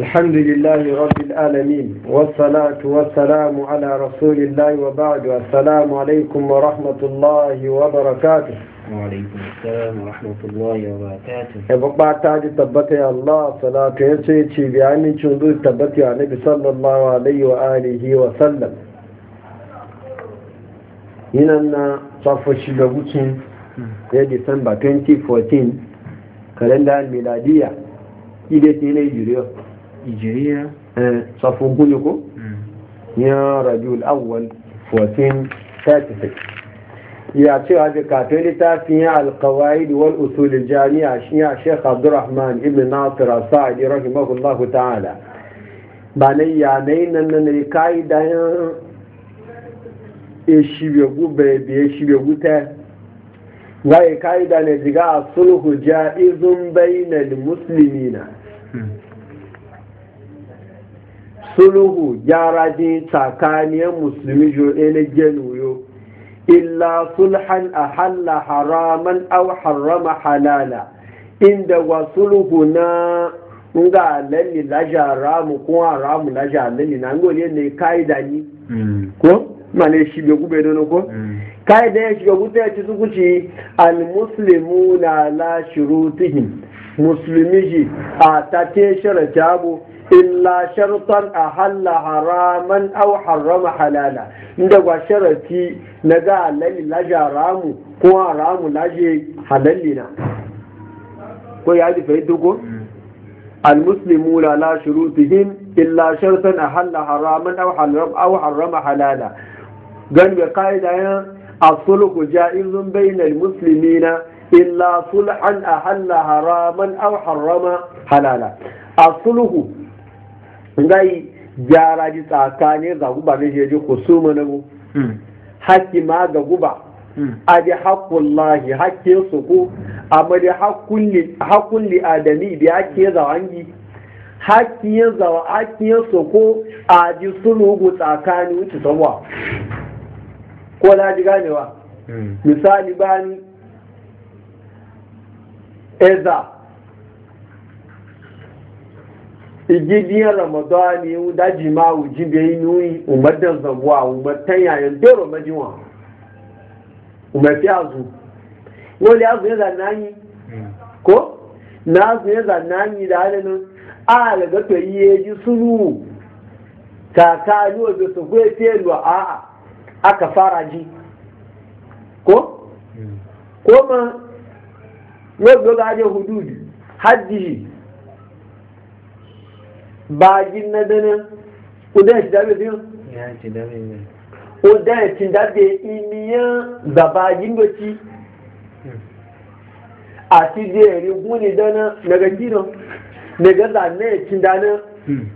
الحمد لله رب العالمين والصلاة والسلام على رسول الله وبعد السلام عليكم ورحمة الله وبركاته وعليكم السلام ورحمة الله وبركاته أبقى تبت يا الله صلاة يسيتي بعمل شنود تبت يا نبي صلى الله عليه وآله وسلم هنا صفو الشلوكين في ديسمبر 2014 كالندا الميلادية إلى 2 جريو هجريه صفو بنيكو يا رجل اول فوتين ثالثه يا شيخ هذه كاتبه في القواعد والاصول الجامعه شيخ الشيخ عبد الرحمن ابن ناصر الصاعد رحمه الله تعالى بني يامين ان الكايده يشبهو بيبي يشبهو تا غاي كايده نجا صلح جائز بين المسلمين suluhu gyara ne tsakaniyar musulmi eh, na genuyo illa sulhan a halla haraman au harama halala inda wa sulhu na nga lalli laja haramu ko haramu la lalli na ngole ne kaida ni mm. ko mane shi be gube don ko mm. kaida ya shiga gube ya ci sukuci al muslimuna la shurutihim musulmi ji a ta te sharata abu illa shartan a halla haraman au harama halala inda ba sharati na ga halalli laje haramu ko haramu laje halalli na ko ya ji fahimta ko المسلمون لا شروطهم إلا شرطا أحل حراما أو حرم أو حرم حلالا قال بقاعدة الصلح جائز بين المسلمين إلا صلحا أحل حراما أو حرم حلالا الصلح ngai gyara ji tsakani ga guba ne je husuma na mu haƙƙi hmm. ma ga guba hmm. a ji haƙƙun lahi haƙƙin su ko amma da haƙƙun li adami da haƙƙin zawangi haƙƙin zawa haƙƙin su ko a ji sulugu tsakani wuce sabuwa ko na ji ganewa hmm. misali bani eza Ramadan ramadani yau daji ma wuji bai yi nuni umardan zabuwa umartan yayin doro majiwa umarfi zu wani azu ya zanani ko na azu ya zanani da halin a daga to yi ya ji sunu kaka ni wajen su kwe fiye a aka fara ji ko hmm. ko ma yau ga hajjin hududu hajji bagin na dana udan shi dabe biyu udan shi dabe imiyan da bagin doki hmm. a ti jeri guni dana daga gino daga zane shi dana hmm.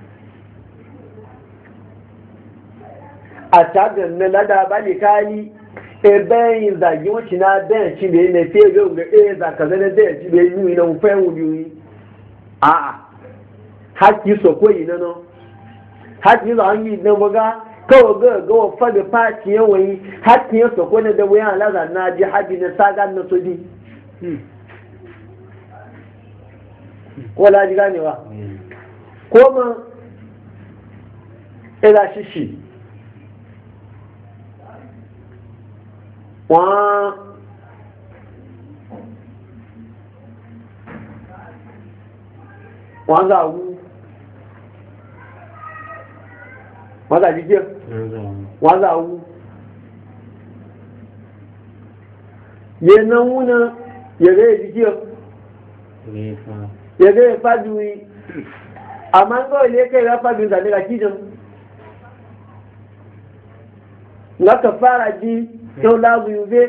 a tagan na bali kali ebe yin zagi wacce na dayan shi da yi fiye yau ga e zaka zane dayan shi da yi yi na mufayin wuri a'a Haki soko yi nan haki za a yi na buga kawo ga ga wa fadi fada faci yawayi haki ya soko na da wuyan alaza na ji haɗi na saga na sodi hmm. ko laji ganewa hmm. ko ma ila e shishi wọ́n wọ́n zà wú wọ́n sà jíjẹ́ wọ́n sà wú yẹ náwó náà yẹ̀rẹ́ jíjẹ́ yẹ̀rẹ́ fàdúrí àmá ń gọ́ ilé kẹ́rẹ́ fàdúrí sàdéra jíjẹ́ lọ́kà fara jí tó láàbù yúvé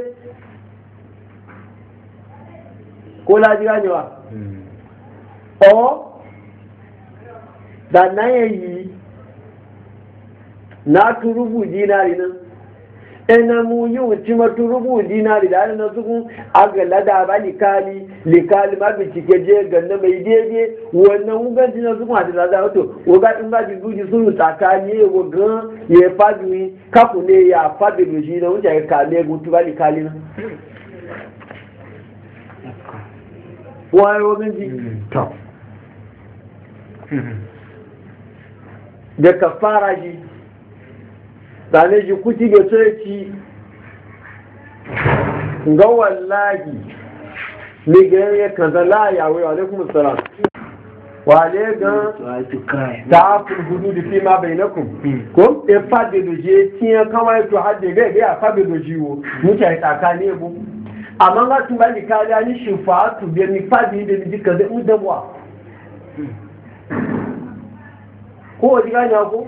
kó lájíra níwà ọ̀ dànáyẹ̀ yìí na turubu dinari nan ina mu yi wuce ma turubu dinari da na zuku a ga lada ba likali likali ma bincike je ganna mai daidai wannan wuganci na zuku a da lada wato wuga in ba jizuji sun tsakani ya wuga ya fadi kafu ne ya fadi da shi na wuce ya kame gutu ba likali nan waye wuganci to da kafara shi sane ji kuti ga coci ga wallahi ne ga ya kaza la ya wa alaikum assalam wa ga ta hudu-hudu da fi ma bainakum ko e fade do je tiyan kama kawai to hadde ga ga fade do jiwo mutane tsakani bu amma ga tun bani kariya ni shufa'atu bi ni fadi da ni kaza mu dabwa ko ji ga ko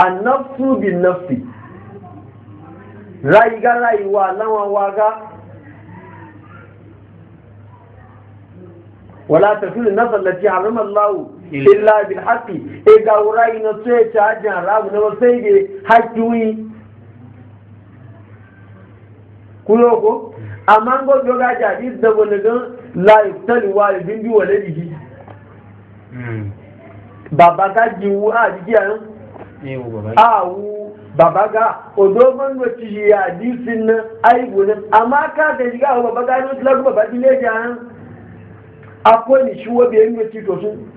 annafsu bin nafsi rayi ga rayuwa lawan waga wala tafilu nafsa lati harama Allah illa bil haqqi e ga rayi na sai ta ajin rabu na sai ge haƙi kulo ko amma go doga jadi da wani gan la yuftali walidin bi waladihi hmm. baba ka jiwu a jiki a awu babaga, ga odogon da ci shi ya disin nan aibu nan amma ka da shiga a baba ga nan tilagu baba dile ga nan akwai ni shi wabe yin da to sun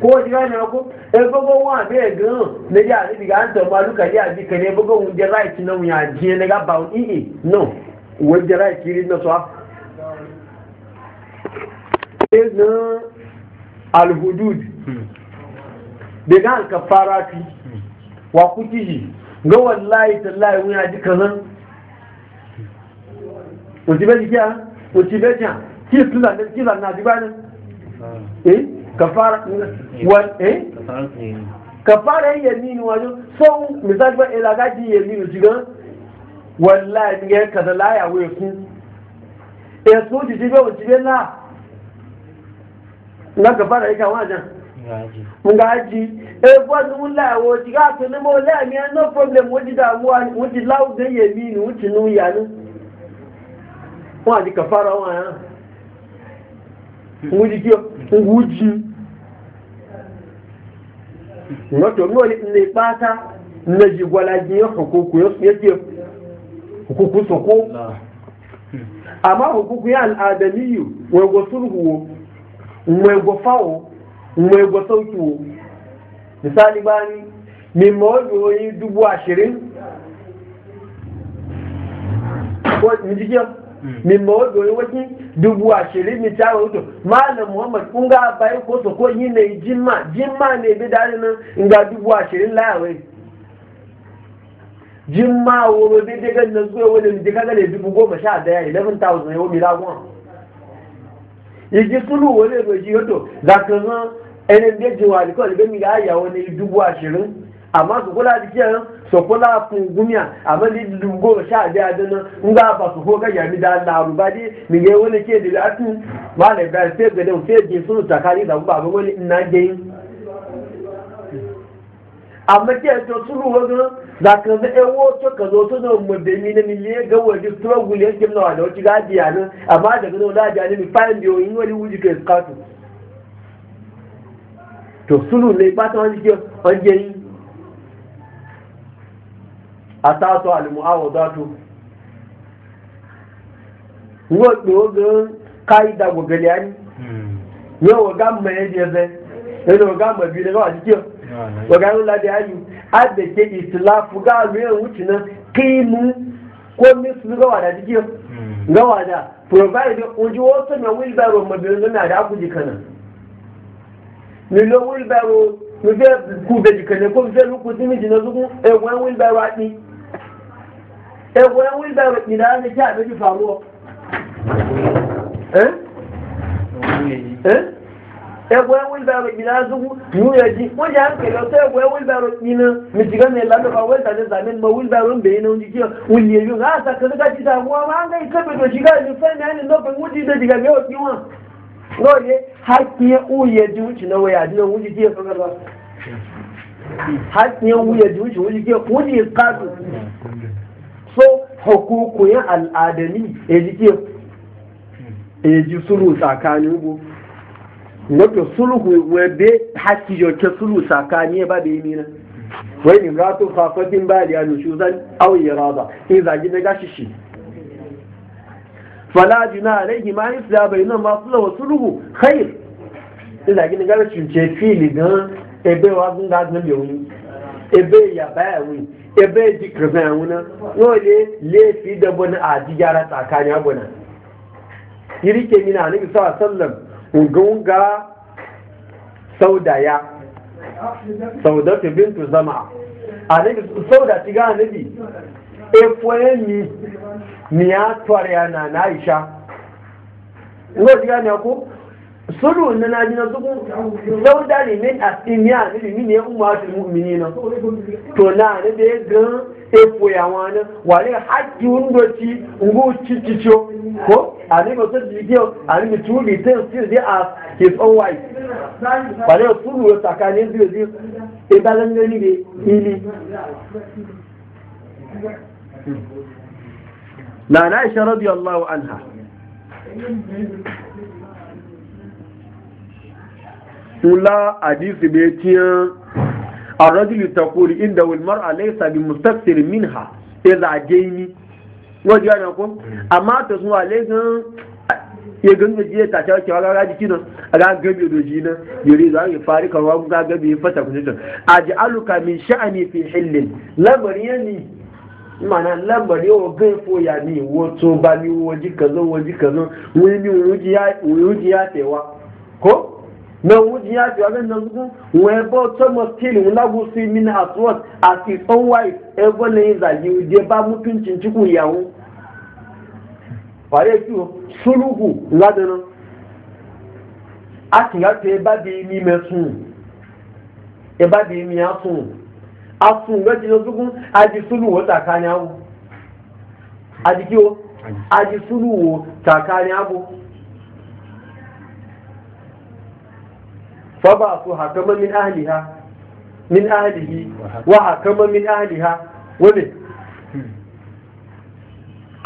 ko ji gane ko e bugon wa be gan ne ya ni diga an tamba luka ya bi kane bugon wuje right na mu ya je ne ga ba i no wuje right kiri na so e na alhudud daga ka fara fi wa yi ga wallahi tallahi wuna ji kazan wace bai jikiya wace bai jiya ki tula da ki na ji bayan eh kafara wa eh kafara yamin wajo so misali ba ila gaji yamin jiga wallahi ga kaza la ya weku e eh, so ji ji ba wace na na gaba da ita wajen ngaji e bọ́ọ̀lù n'ụlọ ẹ̀wọ̀ ti ká tó ní mọ́ lẹ́ẹ̀mí ẹ̀ no problem wọ́n ti dààmúwa wọ́n ti láwùjọ ni wọ́n ti nú wọ́n àti kàfàrà wọn wọ́n ti kí jí ní òní ní pátá yẹn yẹn àmọ́ yẹn mwego fawo mwego sauki wo misali bani min mawajoyi dubu ashirin ko mijigiyar hmm. min mawajoyi waki dubu ashirin mi tawa wuto malam muhammad kun ga bayan ko so ko yi ne jimma jimma ne bi dare na in dubu ashirin layawai jimma wo bi daga nan zuwa wani mi na yi dubu goma sha daya 11,000 yau mi lagun igi túlù wo lè lòjì yóò dàkẹ́ hàn ẹni méjì wà nìkan lè gbẹ́mí àyàwó ní dúgbò àṣírí àmọ́ sòkó láti kí ẹran sòkó láàfin gúnmíà àmọ́ ní dùgbò ṣáàdé adéná ńgbà bà sòkó kẹyà mi dá làrúbá dé nìyẹn wọlé kí èdè látún wà lè bá ẹsẹ gbẹdẹ òfin èdè sóòlù tàkàrí ìdàgbò àbẹ wọlé ńnà jẹyìn àmọ́ kí ẹ jọ túlù wọ́n gan za ka zai ewo to ka zo na mudani na miliye ga waje struggle ya kimna ala da wace gaji ya nan amma daga nan da mi fayin biyo in wani iskatu to sulu yi a ta so alimu'awo za to wọ́n tó gan káyidá adda ke islafu ga mai wuce nan kimu ko mislu gawa da jikin hmm. gawa da provide oji wasu na wilbaro mabirin na da aku jikana nilo wilbaro nufe ku da jikana ko nufe nuku simi jina zuku e wilbaro wheelbarrow adi egwen wheelbarrow ina ne ki abin faruwa eh eh ẹgbẹ́ wílbẹ̀rọ̀ ìgbìlá zúgbú yúyẹ̀ jí wọ́n jẹ́ àǹkẹ̀lẹ̀ ọ̀tọ́ ẹgbẹ́ wílbẹ̀rọ̀ ìgbìnà mìtìgá ní ìlànà wẹ́sàdé zàmì ń bèèrè náà jíjẹ́ wùlẹ̀ yóò rà àṣàkẹ́lẹ́gá jíjà wọn máa ń gẹ́ ìkẹ́bẹ̀tọ̀ jígá ìlú fẹ́ẹ̀ni ẹni lọ́pẹ̀ wújí ìdẹ́ jìgà ní òkú wọn lóye hákìyẹ wúyẹ jí wújì náà wẹ̀yà àdínà wato sulhu wabe haƙƙi yauke sulhu tsakani ba da yi mina wai in rato kafafin ba da yanushu zan auye raba in zagi na gashi shi fala juna alaihi ma yi tsaya bai nan masu lawa sulhu khair in zagi na gashi ce fili gan ebe wa zun ga zan da wuni ebe ya baya wuni ebe ji kirma ya wuni wale lefi da bani a ji gyara tsakani abuna yirike mina nabi sallallahu alaihi wasallam ungunga saudaya saudatu bintu zama anabi sauda ti ga anabi efoye mi ni a na aisha ngo ti ga ni ako sọ́dọ̀ ní nàìjíríà tó kún lọ́wọ́dá lè mẹ́ àtìmí àrílì mí ní ẹkùn máa tìmú mi nínú tó náà ní bẹ́ẹ̀ gan epo àwọn àná wà ní hajji ń lọ sí ngó títí ó kó àríwá tó ti gé àríwá tó lè tẹ́ still dey as his own wife wà ní Na radiyallahu anha. ula hadisi bai tiyan a rajulu ta kuri inda wilmar alaisa bi mustaksir minha ya e zage ni wajen yana ko amma to sun alaisan ya ganga jiya ta cewa cewa gaga jiki nan a ga gabe doji nan yuri za ka fari karwa ga gabe ya fata kun jikin a ji aluka min sha'ani fi hillin lamari ya ni mana lamari ya gai fo ya ni to ba ni waji kazo waji kazo wani ni wuji ya tewa ko na wuji e e e ya fi abin da zuku wai ba ta mastil wula gusi as his own wife ebe na yin zagi je ba mutuncin ciku yawo fare sulugu ladanan a ti ya eba bi mi me sun eba bi ya sun a sun gaji na zuku a ji sulugu tsakanin abu a ji kiwo a ji abu فبعثوا حكما من أهلها من أهله وحكما من أهلها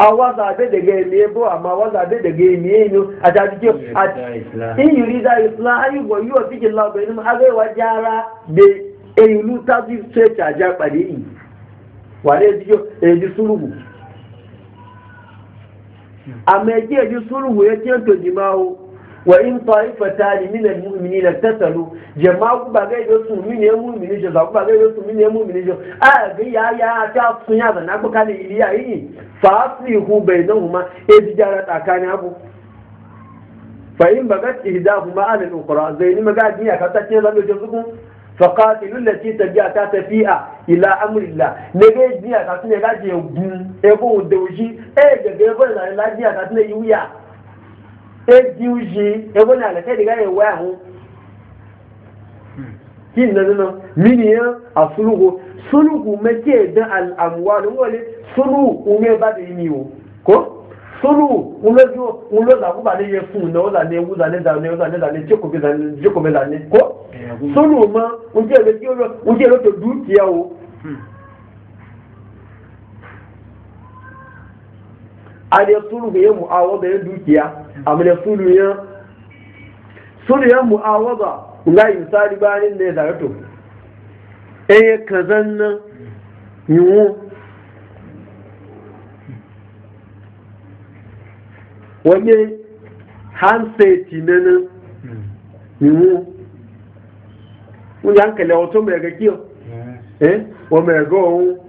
a waza be daga eme bo amma waza be daga eme enyo a ta dike in yi isla ayi go yi wa la wa jara be eyulu ta bi se pade yi wa amma e ji ya wa in ta'ifatani min al-mu'minina tatalu jama'a ku ba gaido su min ne mu'mini je za ku ba gaido su min ne mu'mini je a ga ya ya ta sun ya zana ku kale iliya yi fa aslihu bainahuma e dijara tsakani abu fa in bagat ihdahuma ala al-ukhra zaini maga diya ka ta ce zan je zuku fa qatilu allati tabi'a ta tafi'a ila amrillah ne ga diya ka sun ga je gun e bo doji e ga ga ba la diya ka sun yi eji uji ebo na alaka diga ya wa hu kin na nan mini ya asulugo sulugu make da al amwal wale sulu ume ba ni o ko sulu ume jo ulo da ku ba le ye fun na o da ne wu da ne da ne o da ne da ne da ne da ne ko sulu ma unje le ti o unje lo to dukiya o ale sulu be mu awo be dukiya amina suluyan suluyan mu'awaza nga misali bayanin da ya zara to eh kazan nan yiwu wani handset na nan yiwu wani hankali wato mai ga kiyo eh wa mai ga ohun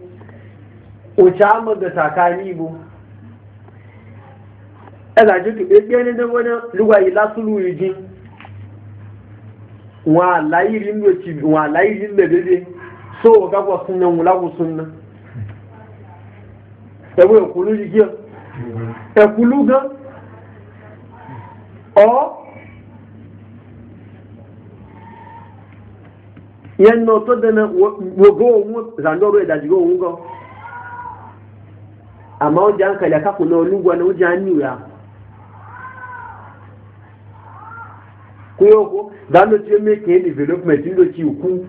uca amma da sakani bu ẹ̀dà jókè pé gbé ní dẹ́wọ́n náà lúwa yìí lásùlù ìjì wọn àláyé rí nínú ètì wọn àláyé rí nínú èdèdè só ọ̀gágbọ̀ súnmọ́ wọn láwùsùn náà ẹ̀wọ̀n ẹ̀kúlú yìí kí ọ ẹ̀kúlú gan ọ́ yẹn náà tó dẹ́nà wògó òun zàndọ́rọ̀ ìdàjìgó òun gan àmọ́ ó jẹ́ àǹkàlẹ̀ akápò náà olúgbọ́n náà ó jẹ́ àníwèé kuyoko za mu ce mai ke development inda ci ku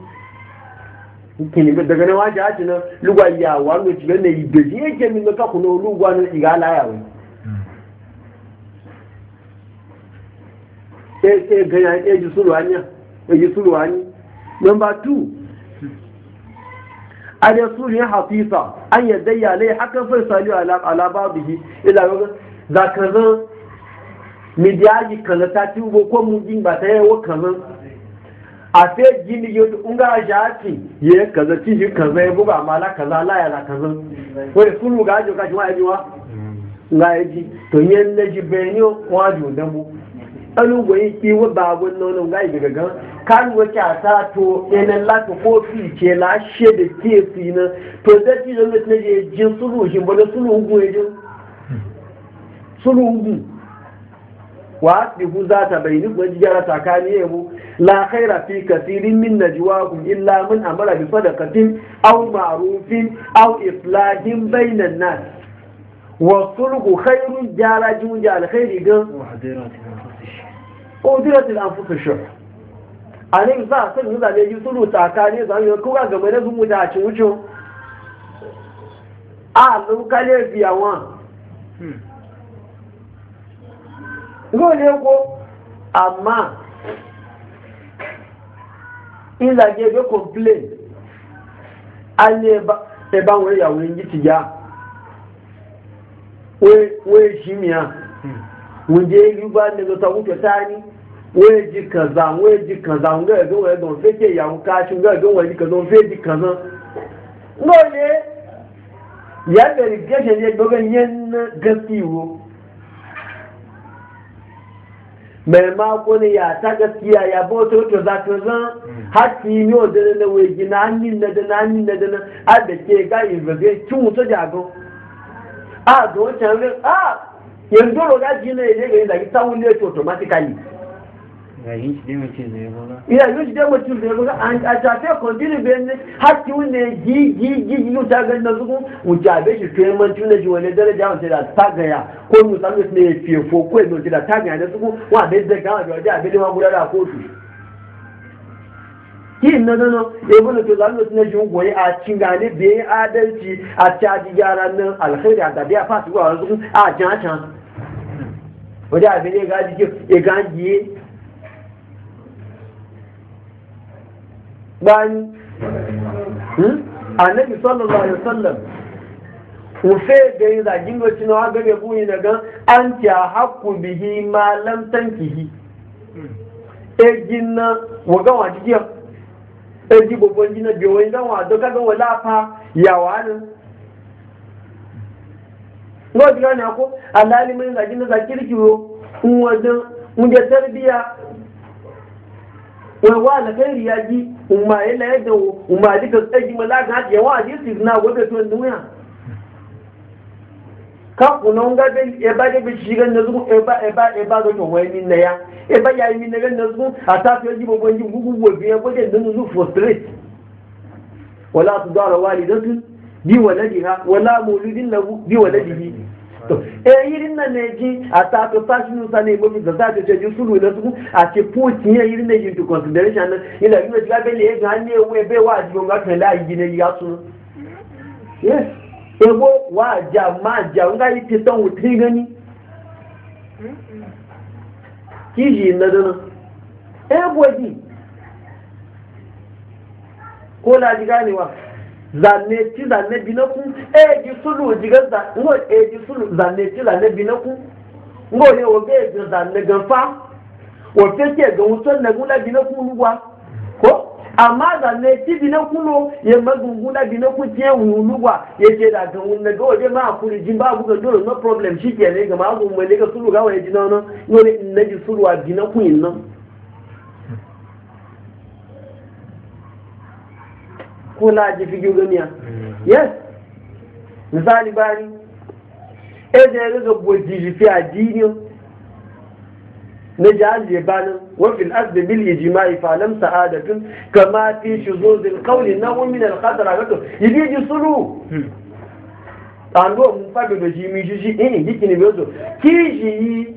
kini ga daga nawa ja ci na lugwa ya wa no ci ne ibeji yake min ka ku no lugwa no iga ya we hmm. e e ga ya e ji sulu anya e ji sulu anya number 2 ada sulu ya hafiza an yadda ya lai haka fa salu ala ala babihi ila ga zakaran midiyaji kaza ta ci ubo ko mun jin ba ta yawo kaza a sai gini yo unga jati ye kaza ci ji kaza ya buga mala kaza la ya la kaza ko da kunu ga ajo ka shi wa aji wa nga yaji to yen na ji benyo wa ju da mu anu go yi ki wa ba won no no ga daga ga kan wo ka ta to ene la to ko fi ke la she de ke fi na to da ti da ne je jin suru shi bo da suru ugu e je suru ugu wa asbihu zata bainikum wa jara takani yau? la khaira fi kathirin min najwaakum illa man amara bi sadaqatin aw ma'rufin aw islahin bainan nas wa sulhu khairun jara junja alkhairi ga udirat al-anfus ash-shuh anin za sun zuwa ne yi sulhu za mu yi kuka game da zumu da cin wucin a lokale biya wọn lóòlé kó àmà ìlàjẹ́ ẹgbẹ́ complain a ní ẹbá e wọn ìyàwó yìí ti já wọ́n èṣì mìíràn wọ́n jẹ́ ìlú nílò tàbí kẹta ní wọ́n èjì kànzà wọ́n èjì kànzà wọ́n gẹ́gẹ́ wọ́n ẹ̀gbọ́n fẹ́ ìyàwó káṣí gẹ́gẹ́ wọ́n èjì kànzà wọ́n fẹ́ èjì kànzà lóòlé ìyá bẹ̀rẹ̀ gẹ́ṣẹ̀ ní ẹgbẹ́ yẹn ná gẹ́sì ìwò mai mako ne ya ta gaskiya ya ba wata wata za ta zan hati ne wa dana na wegi na hannun na dana hannun na dana a da ke ga invasion kin wuta jago a ga wancan rin a yanzu roga ji na ya ga yin zaki ta wuli ya ce automatically ina yi shi dama cin zai kuka an tafe kondini benin haƙƙi wunde gi gi gi yi ta gani na zuku wujabe shi fiye man tuna shi wani daraja wance da ta gaya ko musa mai suna ya fiye ko kuwa mai da ta gaya na zuku wa bai zai gama da wajen abin da ma guda da kotu yi na nano ya bula to zanu suna shi goyi a cingani gane adalci a caji gyara nan alheri a dabi a fasu a wanzu a can a can wajen abin da ya gaji ya gaji bani hmm? annabi sallallahu alaihi wasallam ufe da yin zagin wacce na waga mai buyi na gan an ta haku bihi ma lam tankihi egin na waga wa jiya egi gbogbon jina bi wani dan wa doka e ga wala fa yawa ne ngo diga ne ko alali min zagin na zakirki wo wajen mun je tarbiya wai wa la gairi ya ji umma ya yadda umma duka tsaji ma ga ya wa ji su na gobe to duniya ka kuno nga da e ba de be shiga na zugu e ba e ba e ba do to wai min na ya e ba ya min na ga na a ta to ji bo bo ji gugu wo be bo da dun zu frustrate wala tudara walidatu bi waladiha wala mawludin lahu bi waladihi to eyirin na neji ata to fashion sa ne gobi da za ta ce ju sulu na su a ce put ne eyirin na into consideration na ila yi ga be le ga ne we be wa ji ga kan la yi ne ya su yes ebo wa ja ma ja nga yi ti ton wuti gani kiji na dana ebo di ko la ji wa? zane ci zane bi na ku e ji sulu jiga za ngo e sulu zane ci zane bi na ku ngo ye o be ji zane gan fa o te ke gan so na gula bi na ku luwa ko amma zane ci bi na ku lo ye magun gula bi na ku je wu luwa ye je da gan un na go je ma ku ri jin ba bu ga do no problem shi ke ne ga ma gu mu ne ga sulu ga wa ye ji no no ngo ne ji sulu wa bi na ko laji fi guduniya yes misali bani e da ya ga fi addini na jihar yabanin wafin arzi bil ijma'i falam sa'adatun kama fi shuzuzil qawli nahu min al khadra gato yiji sulu hmm. ando mun fado da ji mi ji eh yikini bezo kiji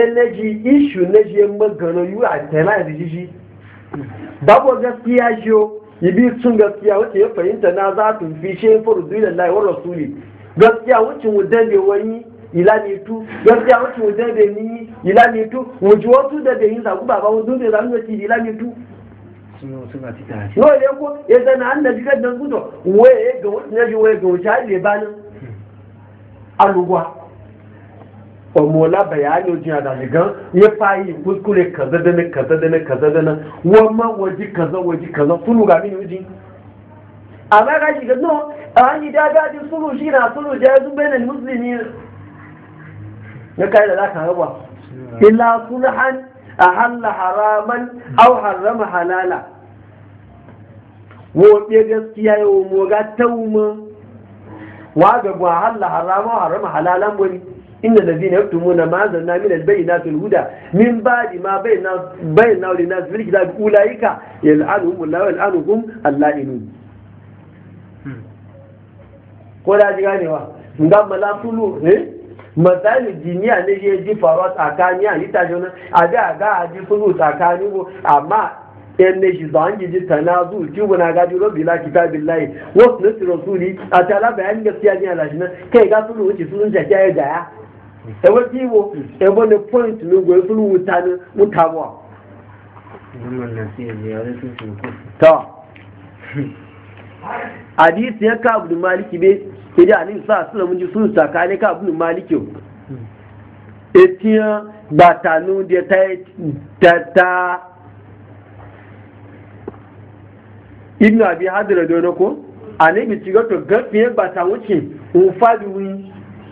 eleji eh, issue na je magana yi a tela da ji babu gaskiya shiyo ibi sun gaskiya wacce ya fahimta na za su fi shi faru zuwa lai wa rasuli gaskiya wacce wudan da wani ila ne tu gaskiya wacce wudan da ni ila ne tu wuce wasu da da yin zaku baba wudan da zamu ci ila ne tu no ne ko ya zana annabi kan nan gudu waye ga wacce ne waye ga wacce ne banin hmm. alugwa omola bayani ojin adaligan ya fayi kuskure kaza dana kaza dana kaza dana wamma waji kaza waji kaza sunu ga mini ojin amma shi sunu na haraman halala gaskiya ga tauma wa ga harama halalan إن الذين يكتمون ما أنزلنا من البينات الهدى من بعد ما بينا بينا للناس في الكتاب أولئك يلعنهم الله ويلعنهم اللائنون ko da ji ganewa nga mala fulu eh misali jiniya ne ya ji faruwa tsakani a lita jona a da ga a ji fulu tsakani amma yan ne shi zan ji tana zu ki guna ga jiro bila kitabillahi wa sunnati rasuli a tala bayan gaskiya ne Allah shi nan kai ga fulu wuce sun ta ya ga ya ẹwọ́ tí wo ẹbọ́ ne point ní gbọ́ ìfúnni wùta ní wùta wọ̀. tọ́ àdìsí yẹn káàbù ní máàlìkì bẹ́ẹ̀ ìdí àní ìfẹ́ àsìlẹ̀ mú ju fún ìsàkà ní káàbù ní máàlìkì o. etí yẹn gbàtà ní oúnjẹ tẹ́tà ibnu àbí hadrẹ̀ dọ́nà kó àní ibi tí gbàtà gẹ́fì yẹn gbàtà wọ́n kì ń fáwọn wí.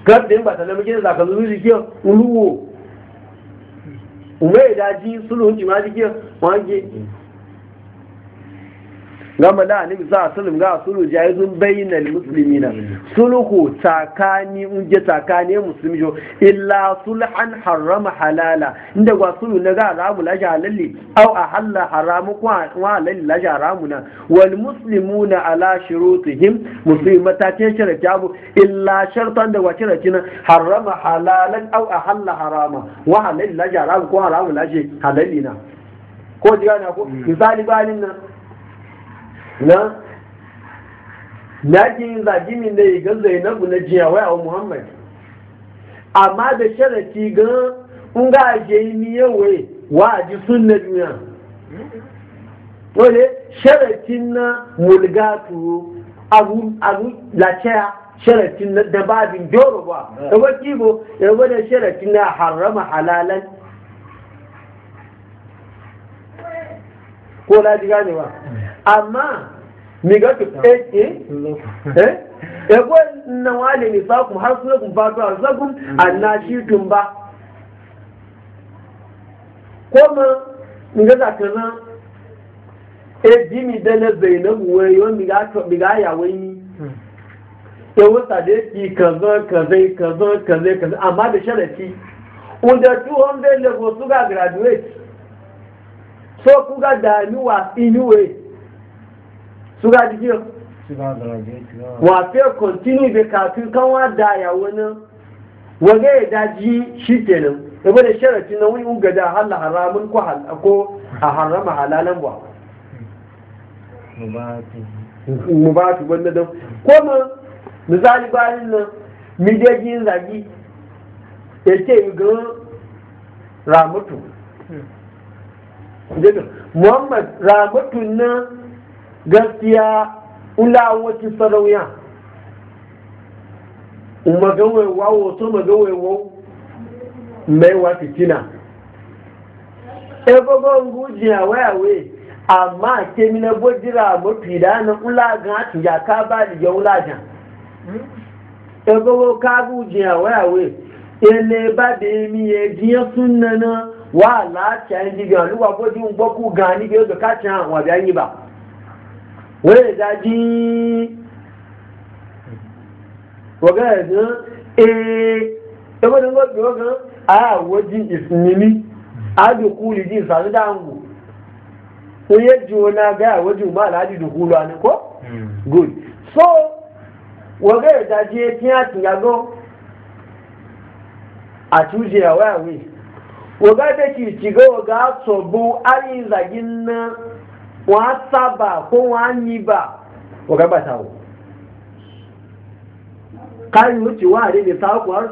gaɗin ba ta na mijin zaka zuru jikin uluwo umar da ji sulhun jima jikin gama da annabi sa sallam ga sulu jaizun bainal muslimina sulhu tsakani unje tsakani musulmi jo illa sulhan harrama halala inda gwa sulu na ga ramu la halalli aw halla haramu kwa wa halalli la na wal muslimuna ala shurutihim muslima ta ce sharati abu illa shartan da wa sharati kina harrama halalan aw halla harama wa halalli la haramu ko haramu la halalli na ko jiga na ko mm. misali bayanin nan na yakin zagi min da ga zainabu na jiya wai a muhammad amma da sharafi gan in ga aje ni yawe wa aji sunna duniya wale sharafin na mulgatu abu abu lacaya sharafin na dababin doro ba da waki bo ya gwada sharafin na harama halalan ko laji gane ba mm. amma mi ga to eke? Eh eh? eh eh ko nan wale ni sa ku har sura kun fatu har sura kun tun ba ko ma eh, mi ga ta kana e jimi da na zainabu we yo mi ga to mi ga ya wai ni mm. e wata da ki kaza kaza kaza kaza kaza amma da sharati unda 200 su suka graduate so kuga da ni niwa inuwe suga jikin wa fe kontinu be kafin kan da ya wani wage ya daji shi kenan ibo da sharati na wani uga da halla haramun ko a harama halalan ba mubatu wanda don ko ma misali bayan nan midajin zagi ya ce ga ramutu hmm. muhammad ramutun na. gaskiya ulawoci sarauya magawaiwa wato magawaiwa maiwa fitina ebogon gujiya wayawe amma ke mina bojira mafi da na ulagan hatu ya ka ba da ya ulagan ebogon ka gujiya wayawe ele ba da emi ya jiya sunana wa lafiya yin jibiyan luwa bojin gboku gani biyar da kacin wa biyan yi ba wọ́n lè dájí wọ́gá ẹ̀gán ee ẹgbẹ́ nígbà tí wọ́n gan àwọ́jí ìsinmi àdùkú lìdí ìsàndáǹgù tó yẹ jù wọn náà bẹ́ àwọ́jí ìmọ̀ àlájì dùkú lọ ko? Hmm. good so go ẹ̀dájí etí àtìyàgọ́ àtúnṣe àwọ̀ àwẹ̀ wọ́gá bẹ́ẹ̀ kì í tìgọ́ wọ́gá sọ̀bù àríyìn zàgí náà wọ́n á sábà kó wọ́n á níbà ọ̀gá bàtà wọ̀ káyọ̀ wuce wa ne ne sawa ku har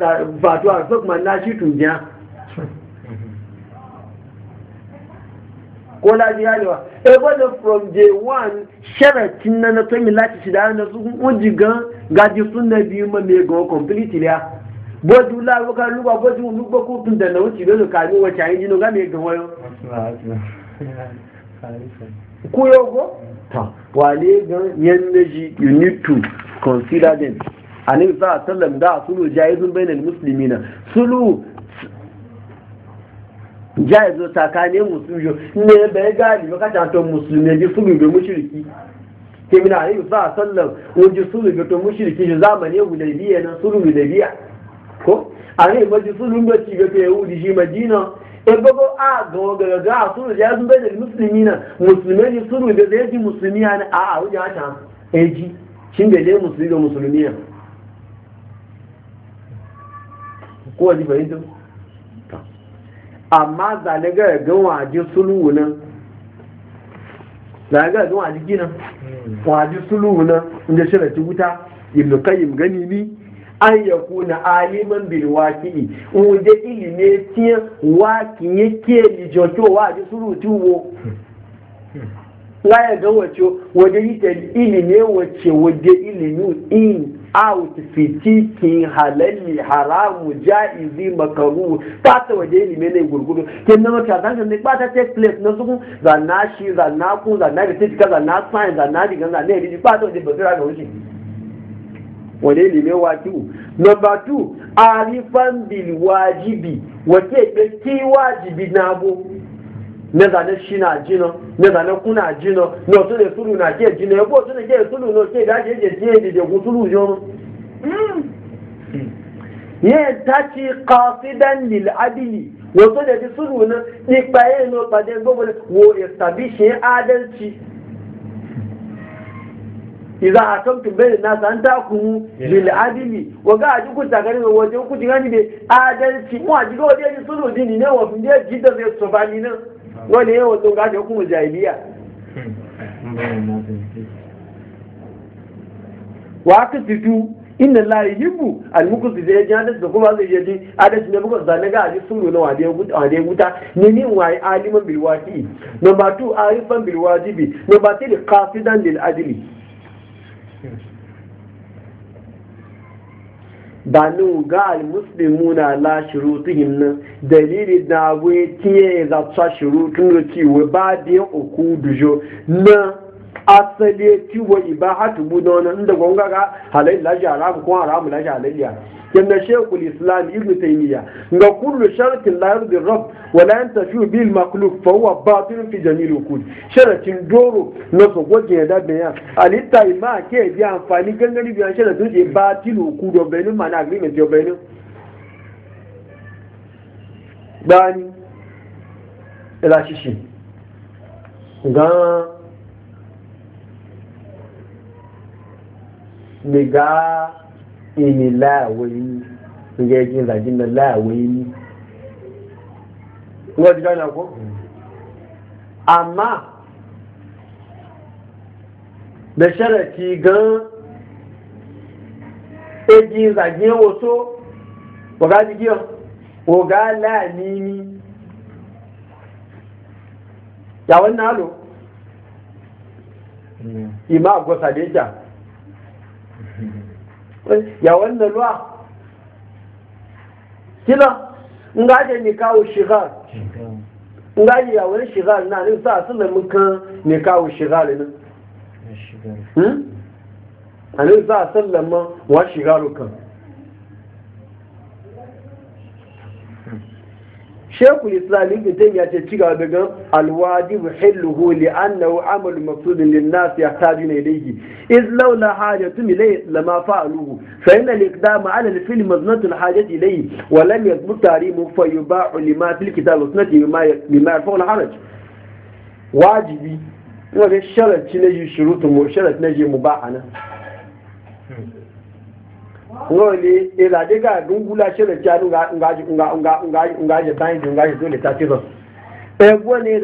da kuma na shi tujiya from day one gan tun da na go ta wale gan ji you need to consider them annabi sa a wasallam da sulu jaizun bainal muslimina sulu jaizo tsakanin musulmi ne bai gani ba kacha to musulmi ji sulu bai mushriki kemina annabi sallallahu alaihi sallam wani sulu bai to mushriki zamani biya na sulu biya ko annabi maji sulu bai ci ga yahudi shi madina ebogo a ga ga a suru ya zube da musulmi na musulmi ne suru da zai ji musulmi ne a a wuce haka eji shi da musulmi da musulmi ko wani fahimta amma zane ga ga waje sulu nan zane ga ga waje gina waje sulu nan inda wuta ibnu kayyim gani ni an ya kuna aliman bil waqi'i wuje ilime tiyan waki yake ni jojo wa ji surutu wo laya ga wace waje yi ilime wace waje ilimi in out fitikin halalli haramu jaizi makaru fata waje ilime ne gurgudu ke nan wata zan ne fata take place na sukun zanna shi zanna kun zanna da titika na sign zanna digan zanna ya riji fata waje bazira ga wuce wale lime wajibu number two arifan bil wajibi wace pe ki wajibi na abu na zane shi na jino na zane kuna jino na otu da sulu na ke jino ya otu da ke sulu na ke da ke je je je ku sulu yo hmm. ye tachi qasidan lil adli wato da sulu na ni pa e no pa de gobo wo adalci iza a kan tumbe na san ta ku lil adili wa ga ji ku tagari wa waje ku tingani be adalci mu a ji ga wajen sulu dini ne wa funje ji da zai so bani nan wani yawa to ga ku jahiliya wa ka titu inna la yuhibbu al muqsid ya ji hadis da kuma zai yaji adalci ne muka zane ga hadis sun nuna wade guta wade guta ne ni wai aliman bil waqi number 2 arifan bil wajibi number 3 qasidan lil adli ba nun ga na la shurutihim nan dalili na we tiye za ta shurutun da ci we ba biya uku dujo na asali ci wa ibahatu budona inda gonga ga halal la jara ko haram la jara كما شيخ الإسلام ابن تيمية إن كل شرط لا يرضي الرب ولا ينتفع به المخلوق فهو باطل في جميع الوقود شرط دورو نصف وجه يداد بيان أليتا إما كي دي أنفاني كان غني بيان شرط باطل وقود وبينه معنى أغريمنت وبينه باني إلى شيشي غان ميغا ini láàwẹ̀yí ní jẹ́ kí n ràjí na láàwẹ̀yí wọ́n ti dáná kó àmá bẹ̀ṣẹ̀rẹ̀ kí gan ejì ràjí owó tó ọ̀gá jíjí ọ̀ ọ̀gá láàní ní yàwó náà lò hmm. ìmá àgbọ̀sàdéjà ya wannan ruwa kila nga je ni kawo shigar nga je ya wani shigar na ni sa sun mun kan ni kawo shigar ne hmm anin sa sallama wa shigaru kan shekul islam ibn taymiya ce ci gaba daga alwajibu hilluhu li annahu amalu maqsudun lin nas yahtajuna ilayhi iz laula hajatun ilayhi lama fa'aluhu fa inna al-iqdama 'ala al-fi'l maznatu al-hajat ilayhi wa lam yathbut tahrimu fa yuba'u lima fil kitab wa sunnati bima bima yarfa'u al-haraj wajibi wa sharati na yi shurutu mu sharati na yi wani ila e e a dungula shirin janu nga ngaji bayan ngaji gashi dole ta ci zon ebo ne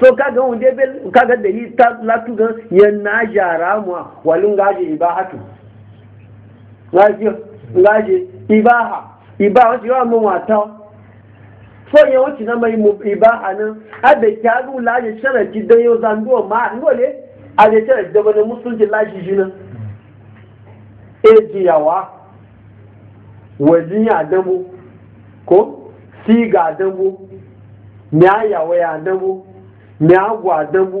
so kaga kaga na na ngaji ngaji Iba wọn ti wá mú wọn àtọ fọyín wọn ti náà máa mú ìbá àná abèkí arúgbó láàyè sẹrẹ ti dán yóò zan dúró máa níwọlé àyè sẹrẹ ti dọgbọn ní mùsùlùmí láàyè jìnnà èjì yàwá wẹ̀dínyà àdánwó kó sígà àdánwó mìá yàwó yà àdánwó gùn àdánwó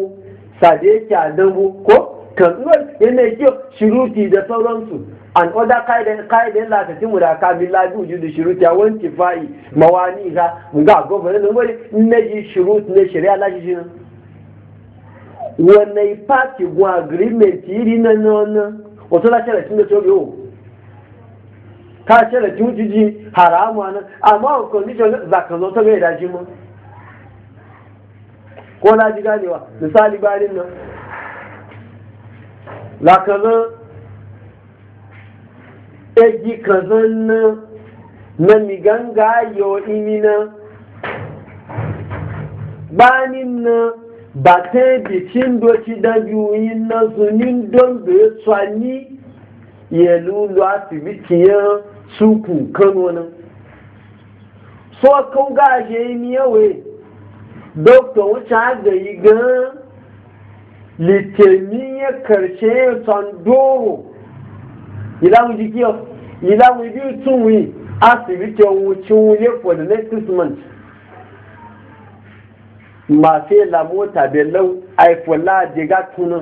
sàdéèkì àdánwó kó kàn ń yẹn náà yíyọ ṣùrùtì ìdẹ́sọ́rọ́ǹsù. an oda da latatin wuraka min labi wujudu shirut ya wanti fa'i mawani ga ga gwamnati ne wani naji shirut ne shari'a lashi shi nan wannan party go agreement yiri na nona wato la shari'a tunda to yo ka shari'a ji haramu nan amma condition za ka zo to da daji mu ko na ji ganewa misali barin nan la ka zo egi kazan na na miganga yo imina banin na ba ta cin doki da biyoyin na zunin don da ya tsani ya lulu asibitiyar suku kano nan so kan gaje ni yawe dokta wuce ga yi ga litinin ya karshe doro. ìlànà ìdíkí ọ ìlànà ìdí ìtúwì a sì rí kí ohun tí for the next six months masu lamu tàbí lẹ́wọ́ àìfọ̀lá àdégá túnú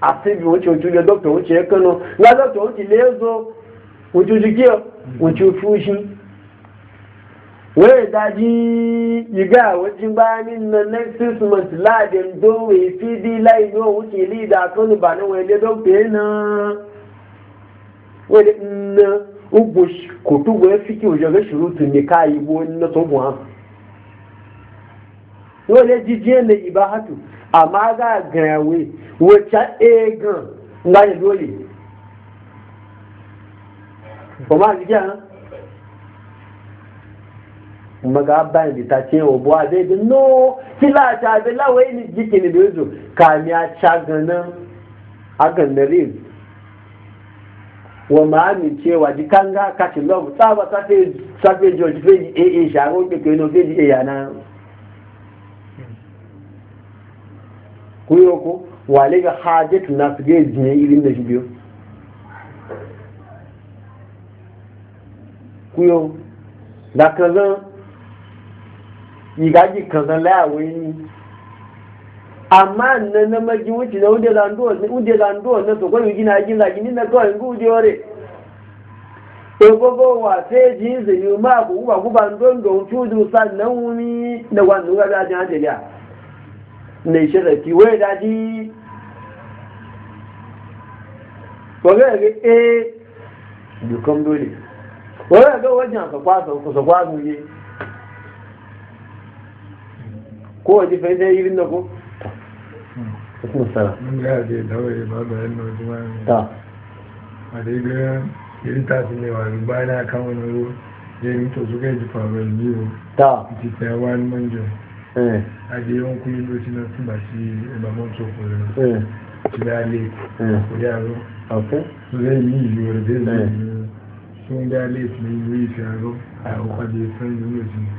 àti bí wọ́n ti ojú yọ dókítà wuce ti ẹ̀kọ́ náà ní dókítà wọ́n ti léèzó ojú ojú kí ọ wọ́n ti fún dájú ìgbà bá ní na next six months láàdé ń dóòwé fídí láì ní òun ti lé ìdá tó ní náà. wani na ugbo kotu wani fiki wajen ga shurutu ne ka yi bo na tobu ha wani jijiye na iba hatu amma ga gawe wacce egan nga ne dole kuma jijiya maga bayan da ta ce wa buwa zai bi no kila ta bi lawai ni jiki ne da yanzu mi a ganin agan na rin wọ́n máa mi tiẹ̀ wà di kánga kàtì lọ́wọ́ sábà sáfẹ́ george fèjì ee ṣàrò pèpè inú fèjì èyà náà kúyókó wà lẹ́gà hajjẹ́ tún náà fi géèjì yẹn irin lè ṣubí ó kúyó dàkànzán ìgájì kànzán láàwọ̀ yìí amma na maji wuce na wuce zanduwa ne wuce zanduwa na to gina gini na kawai ngu wuce wore wa sai ji zai ma ku ba ku don don tudu wumi na wannan ga da jan da ne shirati wai da di waga ga e dukan dole waga ga wajen ka kwasa ku sa Kwa ye ko na ko Hukum salam. Enggak, dia tahu ya, bapak Eno cuma. Tak. Ada dia, jadi tak sini wang, banyak kawan lu, dia itu suka di pabel ni. Tak. Di Taiwan manja. Eh. Ada orang kulit lu sini tu masih bangun sokol. Eh. Sudah alik. Eh. Sudah lu. Okay. Sudah ni lu ada ni. Sudah alik ni lu isi aku. Aku kaji friend lu sini.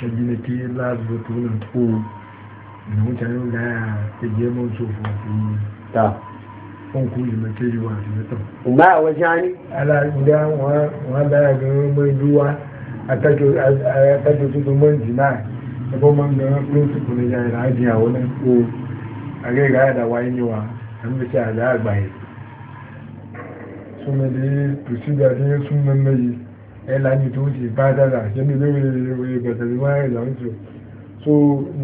Kaji nak kira last betul mutanen da ta je mun so fofi ta kun ku yi mace yi wa su mutum kuma a wajen ne ala guda wa da ya gani mai duwa a take su su mun jina da kuma man gani principal ne ya yi da ajiya wani ko a gai ga da wayin yi wa an mace a da agbaye suna da yi procedure ne sun nan na yi ɗaya lanyi to wuce ba da so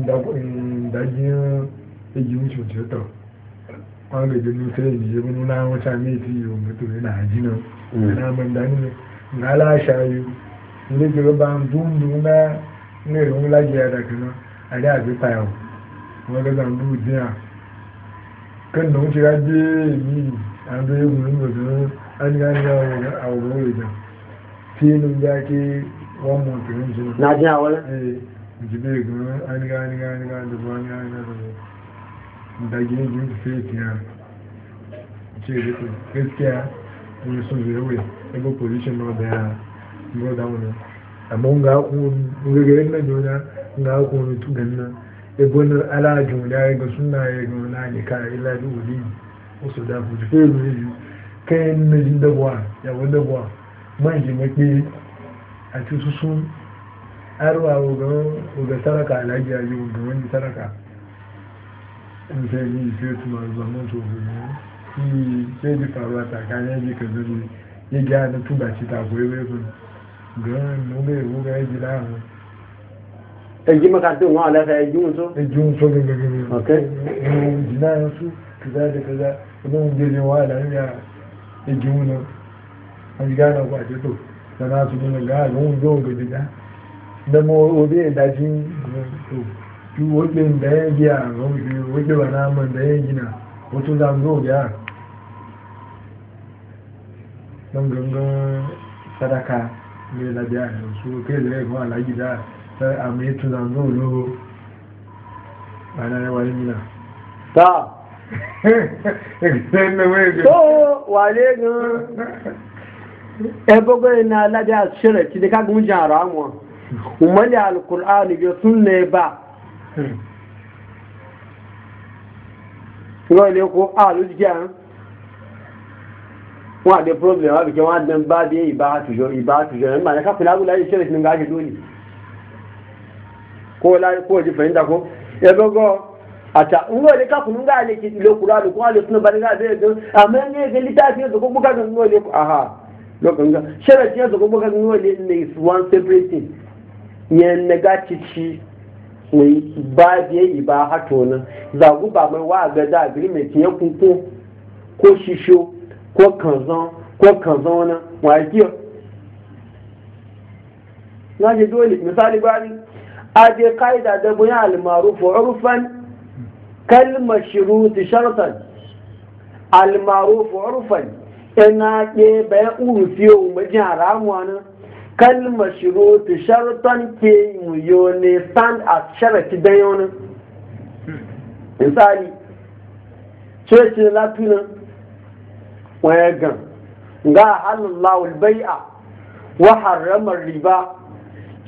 ìdájí èjì oṣù tí ó tọ̀ wọ́n lè jẹ́ ní tẹ́lẹ̀ ìdíje mú náà yi sá méjì òun tó rí náà jí náà náà mọ̀ ìdání mi nga aláṣà yìí ilé ìjọba bá ń dún dún náà ní èrò ńlá jẹ́ àdàkì náà àdé àgbépa ẹ̀ wọ́n lọ́dọ̀ ń dún dín à kẹ́nu ń ṣe ajé èmi àdó ewu ní ọ̀dọ́ ánìyànjú àwòrán ìjà tí inú bí a ké wọ́n mọ̀ tẹ̀lé ìjọba. na dín àwọn jibe gudun an gani gani gani da ruwan yana da ruwan da gini gini da ce da ku gaskiya in yi sun zai wuya ebe na da ya bro da wani amma nga ku ngagare na jona nga ku tu ala ya ga sunna ya ga na ni ka ila du wuli wasu da ku na ya wanda man a su sun arwa oga saraka alhaji ayi oga wani saraka in sai yi sai su masu zaman to ogun ne sai ji faruwa tsakanin yaji ka zuri ya gya na tuba ci ta goyi bai kun gan nuna ya goga ya ji lahun ẹjí mọ́kàtí wọn alẹ́fẹ́ ẹjú ń só ẹjú ń só gẹ́gẹ́gẹ́ ọ̀kẹ́ jìnnà ń sú kìzáàdì kìzá olóhun jẹ́jẹ́ wọn àlàáfíà ẹjú ń lọ wọn jí gáà náà pàṣẹ tó lọ́nà àtúndínlẹ̀ gáà lóhun yóò gbèdè gáà da ma'obe dajin yi wajen da giya wajen ba naman da gina wato za ya don gangan sadaka mai labiya da su kai da ya kuma alagi da a mai tu za mu zo lo na yawa gina ta to wale gan ẹgbogbo na alaja ṣẹlẹ̀ ti dika gun jan ara wọn umali alkur'ani bi sunne ba wọ́n lè kó àlójú jẹ́ àrùn wọ́n àdé problem wọ́n bìkẹ́ wọ́n àdán bá dé ìbá àtùjọ ìbá àtùjọ ẹ̀mà ní kápẹ̀lá àgbò láyé ṣẹlẹ̀ sínú gáàjì lónìí kó láyé kó òjì fẹ̀yìntà kó ẹgbẹ́gọ́ àtà wọ́n lè kápẹ̀lú ńgá lè kí ìlò kúrò àlùkù wọ́n lè tún bá nígbà bẹ́ẹ̀ gan àmọ́ ẹni ẹgbẹ́ lítà sí ẹ̀sọ́ gbogbo kan ní wọ́n lè aha lọ́kàn gan ṣẹlẹ̀ sí ẹ̀sọ́ ko kan ní wọ́n is one separate thing yan na mai ba yi ba hato nan zagu ba mai wa ga da agreement ya kuko ko shisho ko kanzon ko kanzon wani wakiyar na je dole misali bani a je ka'ida da buya almarufu urfan kalmar shiruti shartan almarufu urfan ina ke bayan urufi yau majin haramuwa nan kalmar shirutu sharutan ke muyo ne stand at sharati da yaunin misali cece latinan wayagan ga halallawul bai'a wa haramar riba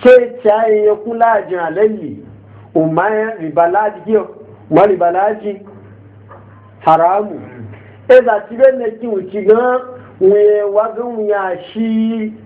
ce cayin ya kula jin halalli umayen ribalaji kiyo ma ribalaji haramu ɗaya hmm. zaci bai na wuce gan wuyewa gan wuya shi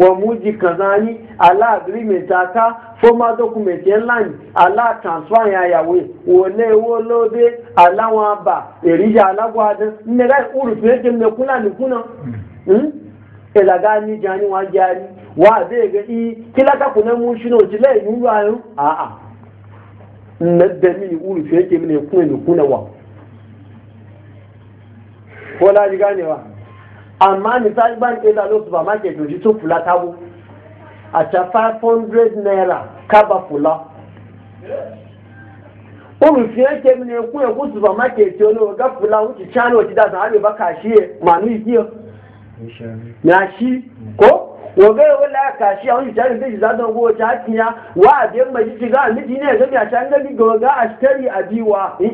wa muji kazani ala agreement aka formal document yẹn láàyè ala transfer yẹn àyàwó wọlé owó lóde aláwọn abà èrìjà alágbádé nígbà ìkúrùtù ẹjẹ nìkúnà ìlàgá níjà ni wọn jẹ àrí wọn àbẹ ẹgbẹ kí lákàkùn náà mú sínú òjìlẹ ìlú ńlọ ààrùn amma misali ban ke zalo supermarket yau ji tun fula tabo a ta 500 naira kaba fula olùfin ẹ̀kẹ́ mi ni kún olówó ga fula ó ti chani ó ti dá sàn á lè bá kàṣí ẹ̀ màánú ìdí ẹ̀ ní àṣí kó wọ́n gẹ́gẹ́ wọ́n láyà kàṣí àwọn ìṣẹ́ ìṣẹ́ ìṣẹ́ ìṣẹ́ owó ọjà kìíyà wà á dé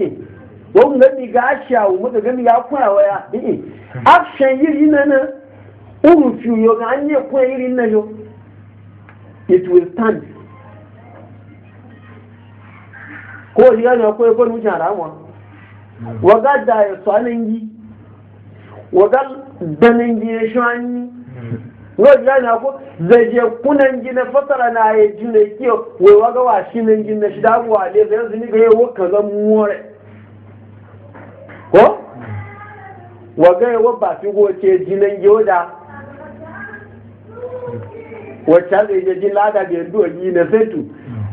wọ́n lè ga a àwọn mọ́tò gẹ́mi ga kún àwọn ya ee aṣa yiri nana òun fi yọ ga ní ẹ̀kún yìí nana yọ it will stand kó o yíyá yọ kó o gbọ́dọ̀ jẹ́ ara wọn wọ́n ga da ẹ̀sọ́ alẹ́ yìí wọ́n ga bẹ̀rẹ̀ yìí ẹ̀ṣọ́ ayé wọ́n yíyá yọ kó zẹ̀jẹ̀ kún náà na fọ́tàrà na ṣì dáàbò àlẹ́ zẹ̀ zẹ̀ nígbà yẹ wọ́n ko waga yawa ba fi goce jinan yoda wacce zai je jin lada da yadda yi na fetu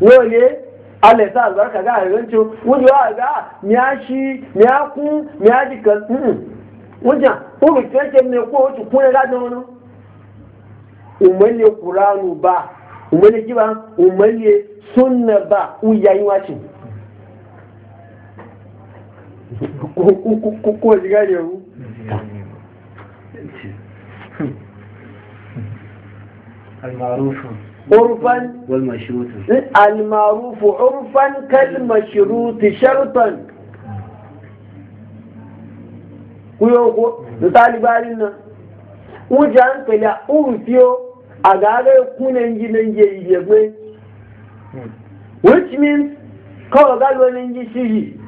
wole Allah ya sa albarka ga harancu wujewa ga ya shi ya ku ya ji ka wujan uru keke ne ko wuce kuna lada wani umarle kuranu ba umarle kiba umarle sunna ba uyayin wacin ko ji gane mu al-ma'rufu عرفا والمشروط المعروف عرفا كالمشروط شرطا nan wuce hankali a urufiyo a gagar kunan ginin which means gishiri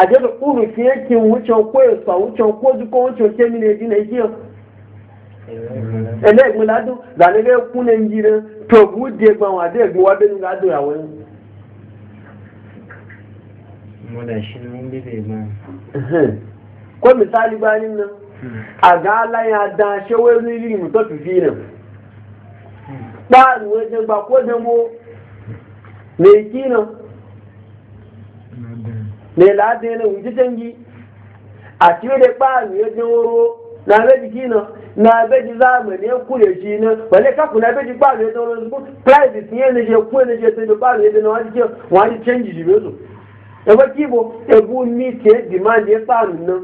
a je da ƙuru fiye ki wucin ko sa wucin ko ji ko wucin ke ele mu ladu da ne ga ku ne ngire to bu de gba wa de gbo wa de nga do ya won mo da shi mun bi be ma ko misali ba nin nan a ga la ya da she we ni ri mu to fi nan ba ni we de gba ko de ne ki ne láti ẹni wùjí jẹ́ngi àti ẹ̀rẹ́ páàlù yẹn jẹ́ oró na abẹ́jì kí na na abẹ́jì záàmù ní ẹkú rẹ̀ sí iná pẹ̀lú kákù na abẹ́jì páàlù yẹn tọrọ ṣùgbọ́n price ti yẹn lẹ́jẹ̀ kú ẹ̀lẹ́jẹ̀ tẹ́jọ páàlù yẹn tẹ́jọ wọ́n ti jẹ́ wọ́n ti change the ratio ẹgbẹ́ kí ibo ẹbú ní tiẹ̀ demand yẹn páàlù náà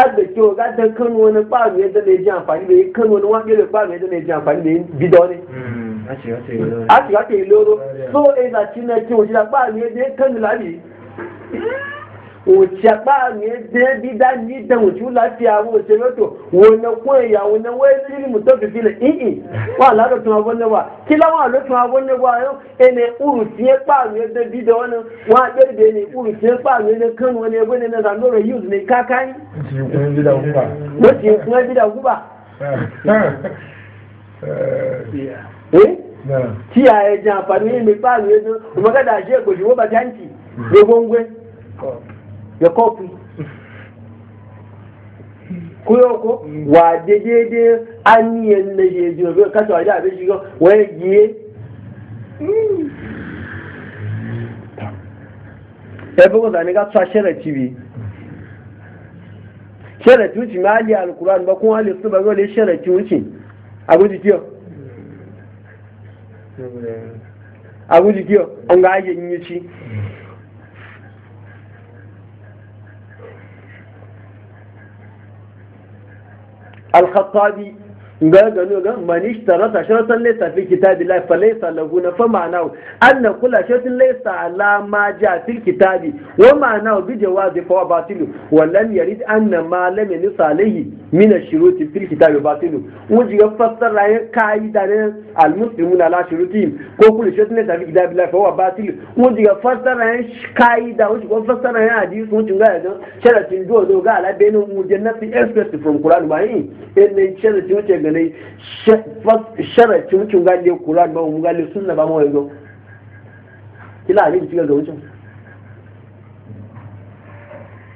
agbèké ọ̀gá tẹ kánú wọn páàlù ne tẹ́lẹ̀ jẹ́ àǹfààní lè kánú wọn wọ́n gbélé páàlù yẹn tẹ́lẹ̀ jẹ́ àǹfààní ne bidọ́ ni àti àti ìlóró so èyí àti iná kí òjìlá páàlù yẹn tẹ́ kánú láàbì òtí apá àmì ẹgbẹ́ dídá ní ìdẹ̀wò tí ó láti àwọn òṣèré tó wọn na kún ẹ̀yà wọn na wọ́n ní ní mùtọ́ fífi lẹ̀ ìhìn wọn àlọ́ tún abọ́ náà wà kí láwọn àlọ́ tún abọ́ náà wà yọ ẹnẹ urùsí ẹpá àmì ẹgbẹ́ dídá wọn wọn àgbẹ̀dẹ̀ ní urùsí ẹpá àmì ẹgbẹ́ kán wọn ní ẹgbẹ́ nínú ìdánwò yìí ní káká yìí. wọ́n ti kún ẹbídà kúbà. tí a ẹja àǹfààní yìí pààlú ẹnu ọmọkadà ya kofi kuyo ko wa dedede aniyan na je jo be ka tawa da be shi go wa ye e bugo da ni ka tsa shere tv shere tu ti mali alquran ba kun ali su ba go le shere tu ti aguji kiyo aguji kiyo on ga ye nyi الخطابي ga gano ga mani tarata sharatan laysa fi kitabillahi fa laysa lahu na fa ma'nahu anna kula shartin laysa ala ma ja fi kitabi wa ma'nahu bi jawazi fa batilu wa lam yarid anna ma lam yanisa alayhi min ash-shurut fi kitabi batilu wuji ga fassara ya kai da ne al-muslimun ala shurutim ko kula shartin laysa fi kitabillahi fa batilu wuji ga fassara ya kai da wuji ko fassara ya hadisi wuji ga ga sharatin do do ga ala bainu mujannati express from qur'an ba yin in ne sharatin na nai sharafin wucin gale kuran ba mu gale na ba mawai gau kila a nabi cikin ga wucin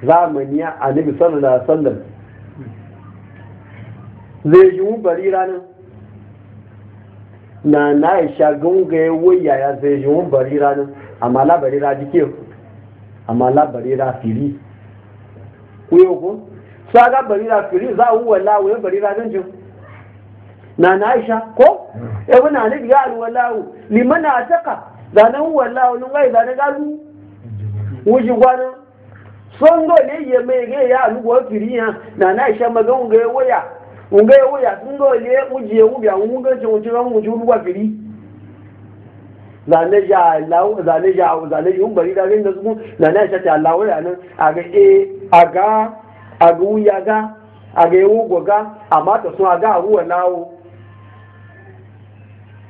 zamani a nabi sallallahu alaihi wasallam zai yi bari ranar na na isha gungaye wayaya zai yi bari ranar amma labari ra jike amma labari ra fili ku yau ku sa ga bari ra fili za a wuwa lawo bari ra nan jin na na aisha ko hmm. e wani anabi ya alwalahu liman ataka zanen wallahu nun gai zanen galu wuji gwana songo ne ye me ge ya alugo firiya na na aisha maga unga waya unga waya sungo le wuji e wubya unga je unji ran wuji uluwa firi zane ja lawo zane ja zane yun bari da rin da su na na aisha ta lawo ranan aga e aga aga wuya ga aga ewu goga amma ta sun aga ruwa lawo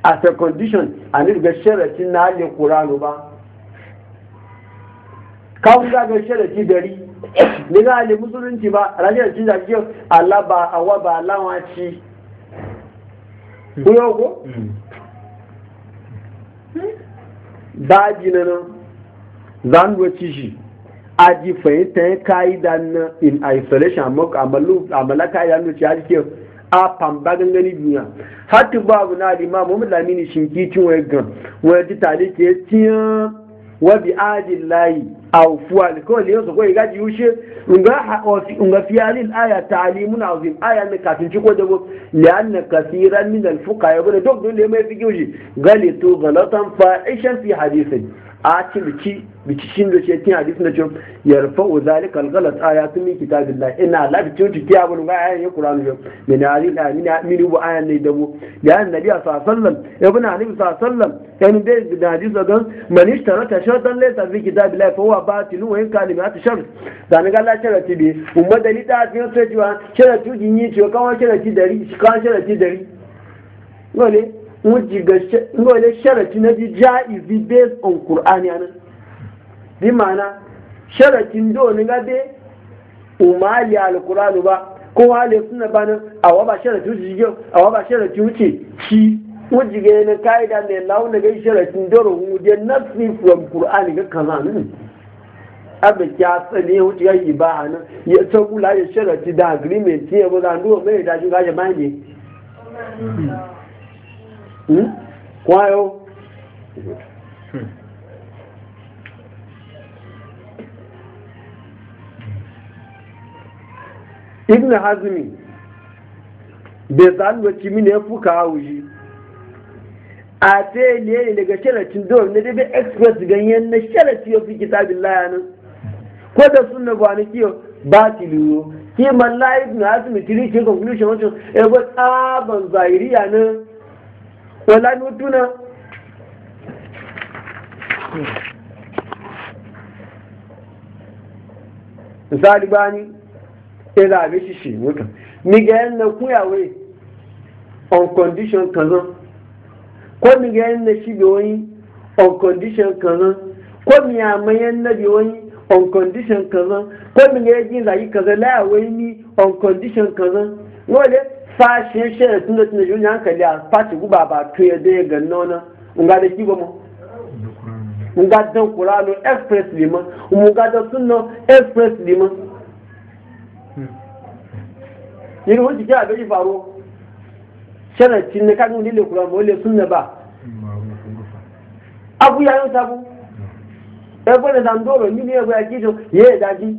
as a condition a ni ga sharatin na halin ƙuranu ba kawo ga ga sharati dari ni ga halin musulunci ba rajin da cinta ke Allah ba awa ba lawa ci ku yau ko daji hmm. hmm? na nan zan ci shi a ji fahimta ya kayi da nan in isolation amma malaka ya nuci ya ji ke a famba gani duniya hatta babu na alima mu lamini shinki tin waye gan waye ji tale ke tiya wa bi lahi aw fuwal ko le yoso ko igaji e ushe nga nga fi alil aya ta'limun azim aya ne kafin ci ko dabo li anna kaseeran min al fuqaha yabuna e dok dole mai e fi yushi galitu galatan fa'ishan fi hadithin a ci بتشين رشيتين حديثنا شوم يرفع ذلك الغلط آيات من كتاب الله إن لا بتشين كتاب الله آية القرآن شوم من هذه آية الآية من من هو آية نيدبو آية لأن النبي صلى الله عليه وسلم ابن علي صلى الله عليه وسلم كان بيت بالحديث هذا من اشترى تشرطا ليس في كتاب الله فهو باطل وإن كان مئات شرط فأنا قال لا شرط تبي وما دليل تعرف يوم سجوا شرط تجيني شو كان شرط تدري كان شرط تدري قولي وجيغا شرط نبي جائز based on قرآن يعني bi ma'ana sharakin doni ga dai umali alkurani ba ko hali suna ba a waba sharakin jige a waba sharakin wuce shi wujige na kaida mai launa ga sharakin doro wuje nafsi from qur'an ga kaza nan abe ya tsane wuce ga ibaha nan ya tsakula ya ti da agreement ya ba zan duwa mai da shi ya jama'a hmm? kwayo ibn hazmi bai zalwaci mini ya fuka wuji a te ne daga sharatin dole na dabe express ganyen na sharati ya fi kitabin layanin ko da suna ba na kiyo ba Ki man la ibn hazmi tiri ke conclusion wancan ya ba tsaban zahiriya na wala nutuna misali bani ẹ̀rọ àbẹ́sì sì mú kan nígbà ẹ̀ na kúyàwó on condition kan náà kó nígbà ẹ̀ na síbi oyin on condition kan náà kó mi bi oyin on condition kan náà kó nígbà ẹ̀ jìnnà yìí kan náà láàwọ̀ ní on condition kan náà wọ́n lé fashe shirin tun hankali a fashi guba ba to ya zai ga nona nga da kiba mu nga dan kurano express liman nga da sunno express liman irin wani jiki a gari faro sharancin na kan wani lekura ma wale sunna ba abu ya yi sabu ɗaukar da zandoro mini ya goya kishin ya yi daji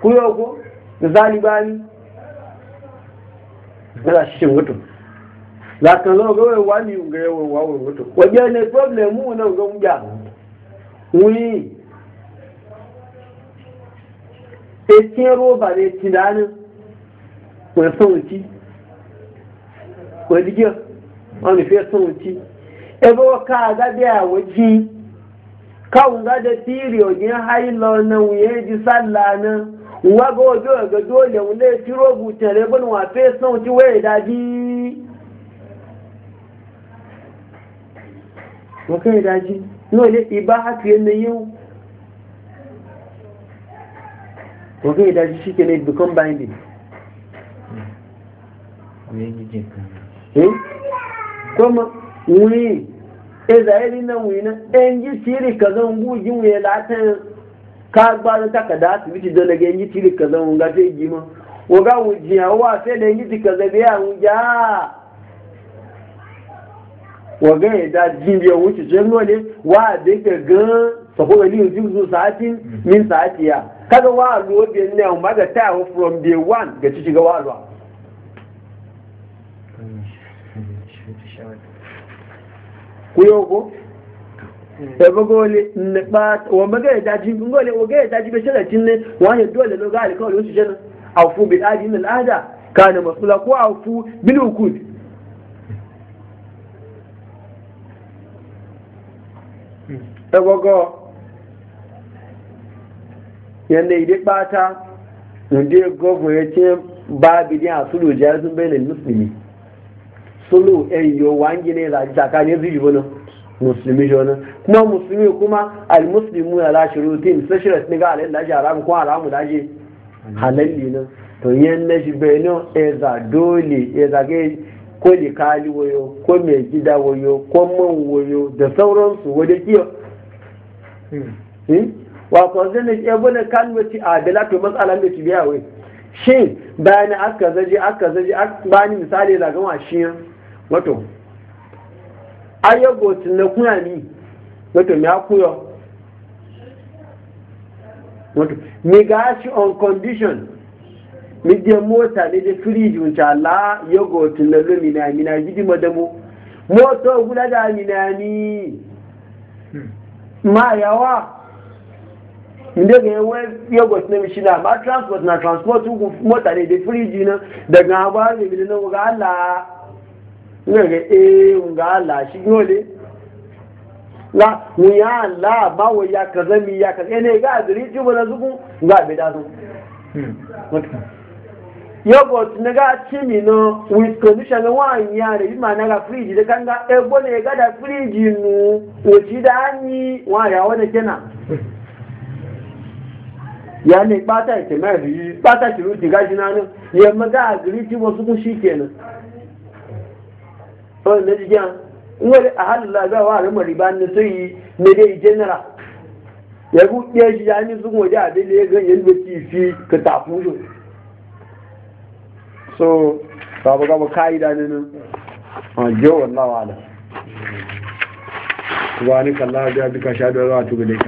kuyo ko da zalibani na shi mutum za ka zo ga wai wani ga yawan wawon mutum wajen ne problem mu nan ga mu ya wuni etin roba ne wani wani wani fiye ka gabi a waje kawun gada tiri ogin hailo na wuye ji salla na wa ga ojo ga dole robu bin wa waye daji nole iba yanayin wato da shi shi ke ne become binding eh? kuma wuyi e eh, zahiri na wuyi na ɗan eh, yi siri ka zan guji wuyi latin ka gbarin takada asibiti don daga yi siri ka zan wunga sai gima waga wuji hawa sai da yi ka zabe a wuja waga ya da jimbiya wuce sun nole wa da ga gan sakwai wani yanzu sa'atin mm. min sa'atiya kaga wa lo bi ne o ma ga ta o from day one ga ci ga wa lo ku yo ko e bo gole ne ba wa ma ga da ji ngole o ga da ji be shara tin ne wa ne dole lo ga al kawai su jana afu bi adi min al'ada kana masula ko afu bil ukud e bo go yanda idan bata inda gogo ya ce babu din asulu jazun bainal muslimi sulu en yo wangi ne da tsakanin zuji bana musulmi jona kuma musulmi kuma almuslimu ala shurutin sai shirat ni ga alai laji haram ko haram da na ne to yanda shi baino e za dole e za ga ko wayo ko wayo ko wayo da sauransu wato zan ya bane kan ci a bila to matsalan da biya wai shin bayan aka zaje aka zaje bayan misali da gama shi wato ayyago na kuna ni wato me akuyo wato me ga shi on condition mi je mota ne je fridge insha Allah yago na lumi na mina gidi madamu moto guda da mina ni hmm. ma yawa ndị ga yawon yagos na mishina ma transport na transport ugwu mota ne da firiji na daga hawa ne bi na ga ala nwere eh ga ala shi yole la mu ya ala ba wa ya ka zami ya ka ne ga azuri ji bana zuku ga be da su na ga chimi no with condition na wa ya ne bi ma na ga firiji da nga e bone ga da firiji nu o ji da anyi wa ya ya ne bata ya ce mai yi bata ki ruti gashi na nan ya maga a gari ci wasu shi kenan wani na jikin wani a halin lafiya wa rama riba na sun yi na dai general ya ku iya shi ya ni sun waje abin da ya gan yadda ci fi ka tafu shi so gaba kayi da nan a wani kallon ya duka sha da